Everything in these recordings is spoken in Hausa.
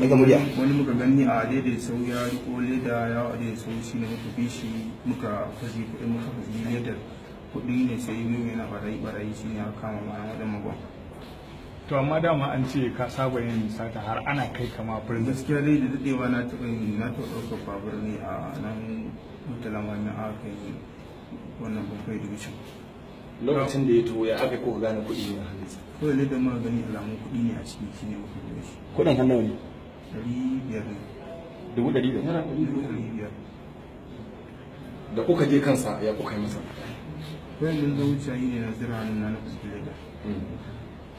daga murya wani muka gani a daidai sau ya riko leda ya wa daidai sau shi ne muka bi shi muka kwazi kuɗi muka kwazi ledar kuɗi ne sai mu yana barayi barayi shi ne aka ma mana wajen ba. to amma dama an ce ka saba yin sata har ana kai kama birni gaskiya dai da dadewa na taɓa yin na taɓa ɗaukar babur ne a nan mutalama na aka yi wannan bakwai da wucin lokacin da ya taho ya aka ko gane kuɗi ne a hannunsa kawai ne da ma gani alamun kuɗi ne a ciki shi ne muka gani shi kuɗin kan nawa ne ɗari biyar ne dubu ɗari biyar dubu ɗari biyar da kuka je kansa ya kuka yi masa kawai mun zo wuce yi ne na zira hannun na na kuskure da hmm.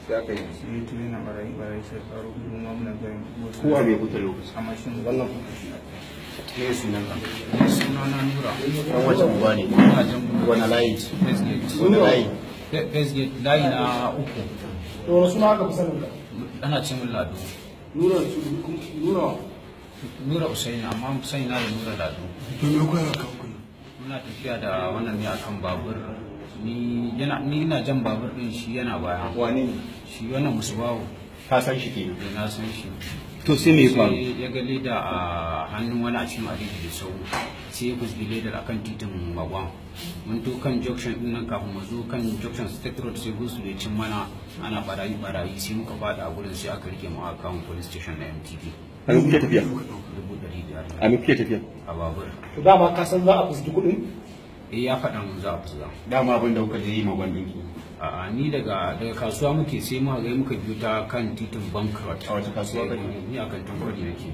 sai aka yi sai ya tuwe na barayi ɓarayi sai ƙaro kuma muna gani ko a bai kuta lokaci a mashin wannan kuka shi me sunana nura ne wani layi na uku nura usaini amma usaini na da nura lado to me kuwa ya muna tafiya da wannan ne akan babur ni yana ni ina jan babur din shi yana baya wane shi wannan musubawo ka san shi kenan na san shi to sai mai faru ya ga leda a hannun wani a cikin adidi da sau sai ya kusbi ledar akan titin magwan mun to kan junction din nan kafin mu zo kan junction state road sai gusu da cin mana ana barayi barayi sai muka fada a gurin sai aka rike mu a kan police station na MTV a me kuke tafiya a me kuke tafiya a babur to dama ka san za a kusbi kudin eh ya faɗa mun za a buga dama abin da kuka je yi magwandin ki a'a ni daga daga kasuwa muke sai mu ga muka biyo ta kan titin bank a wata kasuwa ne ni a kan tankwari nake